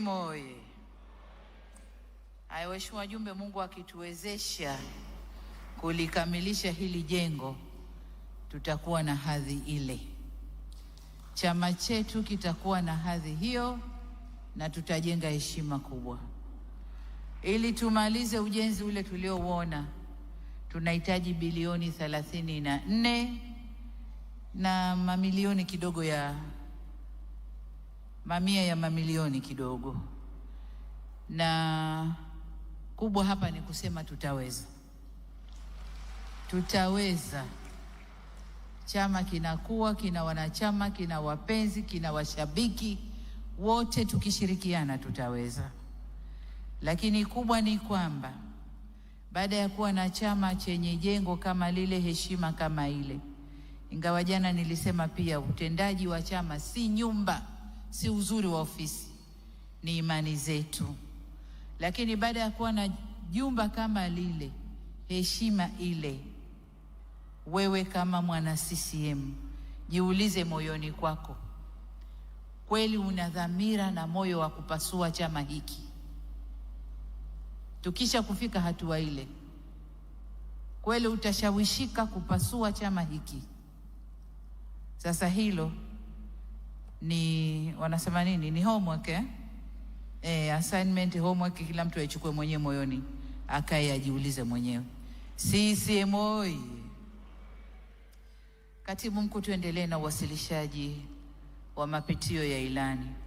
Moye haya, waheshimiwa wajumbe, Mungu akituwezesha kulikamilisha hili jengo, tutakuwa na hadhi ile, chama chetu kitakuwa na hadhi hiyo, na tutajenga heshima kubwa. Ili tumalize ujenzi ule tuliouona, tunahitaji bilioni thelathini na nne na mamilioni kidogo ya mamia ya mamilioni kidogo, na kubwa hapa ni kusema tutaweza, tutaweza. Chama kinakuwa, kina wanachama, kina wapenzi, kina washabiki, wote tukishirikiana tutaweza. Lakini kubwa ni kwamba baada ya kuwa na chama chenye jengo kama lile, heshima kama ile, ingawa jana nilisema pia utendaji wa chama si nyumba si uzuri wa ofisi, ni imani zetu. Lakini baada ya kuwa na jumba kama lile, heshima ile, wewe kama mwana CCM jiulize moyoni kwako, kweli una dhamira na moyo wa kupasua chama hiki? Tukisha kufika hatua ile, kweli utashawishika kupasua chama hiki? Sasa hilo ni wanasema nini, ni homework eh? Eh, assignment homework, kila mtu aichukue mwenyewe moyoni, akae ajiulize mwenyewe. CCM oyee! Katibu Mkuu, tuendelee na uwasilishaji wa mapitio ya ilani.